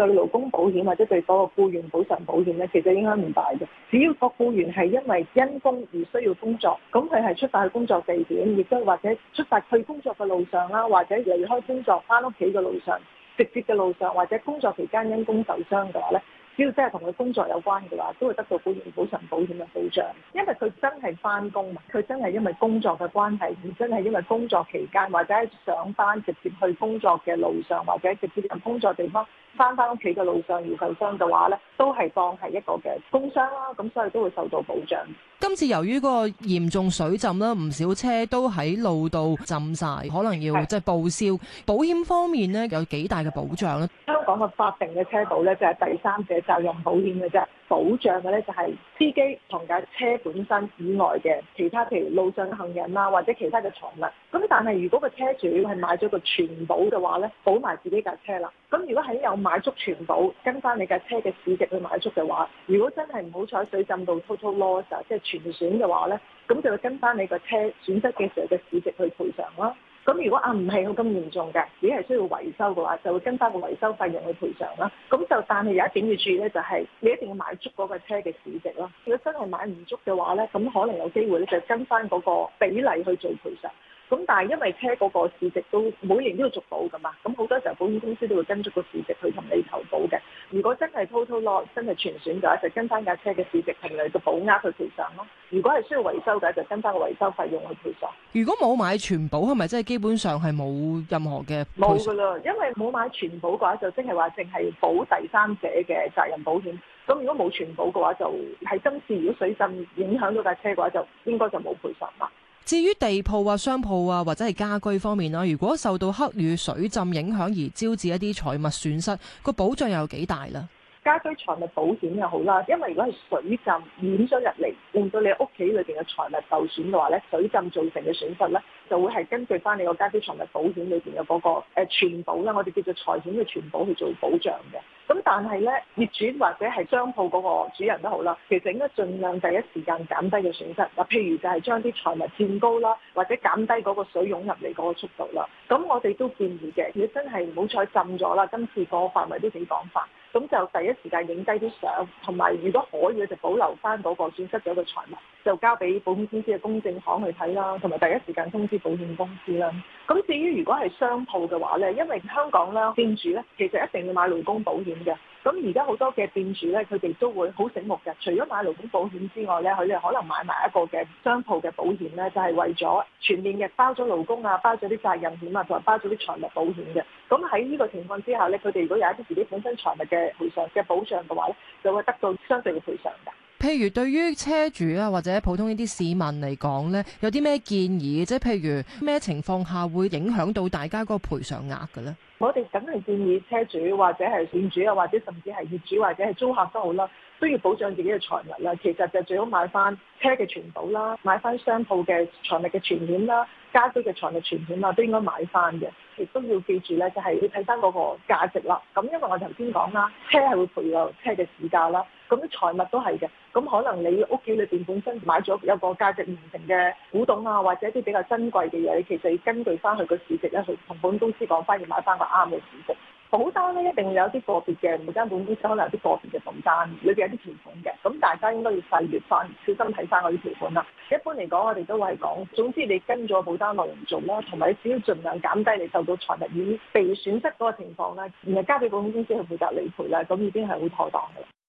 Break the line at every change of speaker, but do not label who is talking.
對勞工保險或者對嗰個僱員補償保險咧，其實影響唔大嘅。只要個僱員係因為因工而需要工作，咁佢係出發去工作地點，亦都或者出發去工作嘅路上啦，或者離開工作翻屋企嘅路上，直接嘅路上，或者工作期間因工受傷嘅話咧。只要真係同佢工作有關嘅話，都會得到保險、補償、保險嘅保障。因為佢真係翻工，佢真係因為工作嘅關係，而真係因為工作期間或者上班直接去工作嘅路上，或者直接喺工作地方翻返屋企嘅路上受夠傷嘅話呢，都係當係一個嘅工傷啦。咁所以都會受到保障。
今次由於嗰個嚴重水浸啦，唔少車都喺路度浸晒，可能要即係報銷。保險方面呢，有幾大嘅保障咧？
講個法定嘅車保咧，就係、是、第三者責任、就是、保險嘅啫，保障嘅咧就係、是、司機同架車本身以外嘅其他，譬如路上行人啊，或者其他嘅財物。咁但係如果個車主係買咗個全保嘅話咧，保埋自己架車啦。咁如果喺有買足全保，跟翻你架車嘅市值去買足嘅話，如果真係唔好彩水浸到 total loss，即、啊、係、就是、全損嘅話咧，咁就會跟翻你個車損失嘅時候嘅市值去賠償囉。咁如果啊唔係好咁嚴重嘅，只係需要維修嘅話，就會跟翻個維修費用去賠償啦。咁就但係有一點要注意咧，就係你一定要買足嗰個車嘅市值囉。如果真係買唔足嘅話咧，咁可能有機會咧就跟翻嗰個比例去做賠償。咁但係因為車嗰個市值都每年都要續保噶嘛，咁好多時候保險公司都會跟足個市值去同你投保嘅。如果真係 total loss，真係全損嘅話，就跟翻架車嘅市值同嚟個保額去賠償咯。如果係需要維修嘅，就跟翻個維修費用去賠償。
如果冇買全保，係咪真係基本上係冇任何嘅？冇㗎
啦，因為冇買全保嘅話，就即係話淨係保第三者嘅責任保險。咁如果冇全保嘅話，就係今次如果水浸影響到架車嘅話，就應該就冇賠償啦。
至於地鋪啊、商鋪啊，或者係家居方面啊，如果受到黑雨水浸影響而招致一啲財物損失，個保障又有幾大啦？
家居財物保險又好啦，因為如果係水浸淹咗入嚟，令到你屋企裏邊嘅財物受損嘅話咧，水浸造成嘅損失咧，就會係根據返你個家居財物保險裏邊嘅嗰個誒全保啦，我哋叫做財產嘅全保去做保障嘅。咁但係咧，業主或者係商鋪嗰個主人都好啦，其實應該盡量第一時間減低嘅損失。嗱，譬如就係將啲財物墊高啦，或者減低嗰個水湧入嚟嗰個速度啦。咁我哋都建議嘅，你真係唔好再浸咗啦。今次個範圍都幾廣泛。咁就第一時間影低啲相，同埋如果可以就保留翻嗰個損失咗嘅財物，就交俾保險公司嘅公證行去睇啦，同埋第一時間通知保險公司啦。咁至於如果係商鋪嘅話咧，因為香港咧，嗯、店主咧其實一定要買勞工保險嘅。咁而家好多嘅店主咧，佢哋都會好醒目嘅，除咗買勞工保險之外咧，佢哋可能買埋一個嘅商鋪嘅保險咧，就係為咗全面嘅包咗勞工啊，包咗啲責任險啊，同埋包咗啲財物保險嘅。咁喺呢個情況之下咧，佢哋如果有一啲自己本身財物嘅賠償嘅保障嘅話咧，就會得到相對嘅賠償㗎。
譬如對於車主啊，或者普通呢啲市民嚟講咧，有啲咩建議？即係譬如咩情況下會影響到大家嗰個賠償額嘅咧？
我哋梗係建議車主或者係店主啊，或者甚至係業主或者係租客都好啦，都要保障自己嘅財物啦。其實就最好買翻車嘅全保啦，買翻商鋪嘅財物嘅全險啦，家居嘅財物全險啊，都應該買翻嘅。亦都要記住咧，就係要睇翻嗰個價值啦。咁因為我頭先講啦，車係會賠個車嘅市價啦。咁啲財物都係嘅，咁可能你屋企裏邊本身買咗有個價值唔同嘅古董啊，或者一啲比較珍貴嘅嘢，你其實要根據翻佢個市值咧去同保險公司講翻，要買翻個啱嘅市值保單咧，一定會有啲個別嘅每間保險公司可能有啲個別嘅保單裏邊有啲條款嘅，咁大家應該要細閱翻，小心睇翻嗰啲條款啦，啊。一般嚟講，我哋都會係講總之你跟咗保單內容做咧，同埋你只要盡量減低你受到財物已被損失嗰個情況咧，然後交俾保險公司去負責理賠咧，咁已經係會妥當㗎喇。